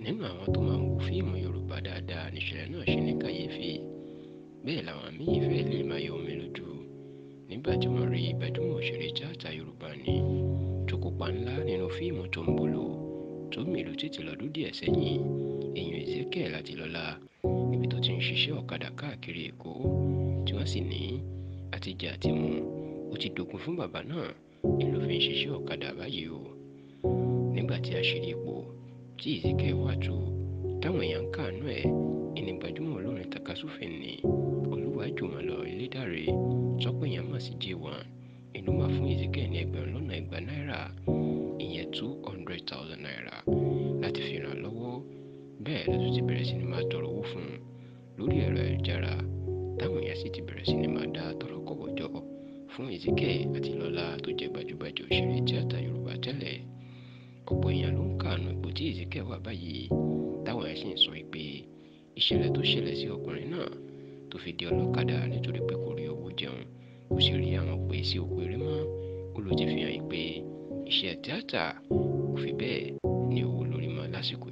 ọ̀pọ̀ nínú àwọn tó máa ń wo fíìmù yorùbá dáadáa níṣẹ̀lẹ̀ náà ṣe ní kàyéfì bẹ́ẹ̀ làwọn míì fẹ́ẹ́ lè máa yọ omi lójú nígbà tí wọ́n rí gbajúmọ̀ òṣèré tíátà yorùbá ni tó kópa ńlá nínú fíìmù tó ń bolo tó mìlú títí lọ́dún díẹ̀ sẹ́yìn èèyàn Ezekiel Atilọlá níbi tó ti ń ṣiṣẹ́ ọ̀kadà káàkiri èkó tí wọ́n sì ní àtijẹ àtimu ó ti dogun fún bàbá náà ni fi ń ṣiṣẹ́ ọ̀kadà báyìí o nígbà tí a ṣe ipò tí Ezekiel táwọn èèyàn ń káàánú ẹ̀ ẹni gbajúmọ̀ olórin takasúfè ni Olúwajùmọ̀lọ Elédàrè tọ́pọ̀ èèyàn mọ̀ sí J1 ìlú máa fún Ezekiel ní ẹgbẹ̀rún lọ́nà ìgbà náírà ìyẹn two hundred thousand naira láti fi ràn lọ́wọ́ bẹ́ẹ̀ ló tún ti bẹ̀rẹ̀ sí ni máa tọrọ owó fún un lórí ẹ̀rọ ayélujára táwọn èèyàn sì ti bẹ̀rẹ̀ sí ni máa dá tọrọ kọ́bọ̀ jọ fún Ezekiel àti lọ́lá tó jẹ́ gbajúgbajà òṣèré tíátà Yorùbá tẹ́lẹ̀ ọ̀pọ̀ èèyàn ló ń àánú ipò tí Ezekiel wà báyìí táwọn ẹ̀ sọ pé ìṣẹ̀lẹ̀ tó ṣẹlẹ̀ sí ọkùnrin náà tó fi di ọlọ́kadà nítorí pé kò rí owó jẹun kò sì rí àwọn pé sí òkú eré mọ́ ó ló pé iṣẹ́ tíátà kò fi bẹ́ẹ̀ ní owó lórí mọ́ lásìkò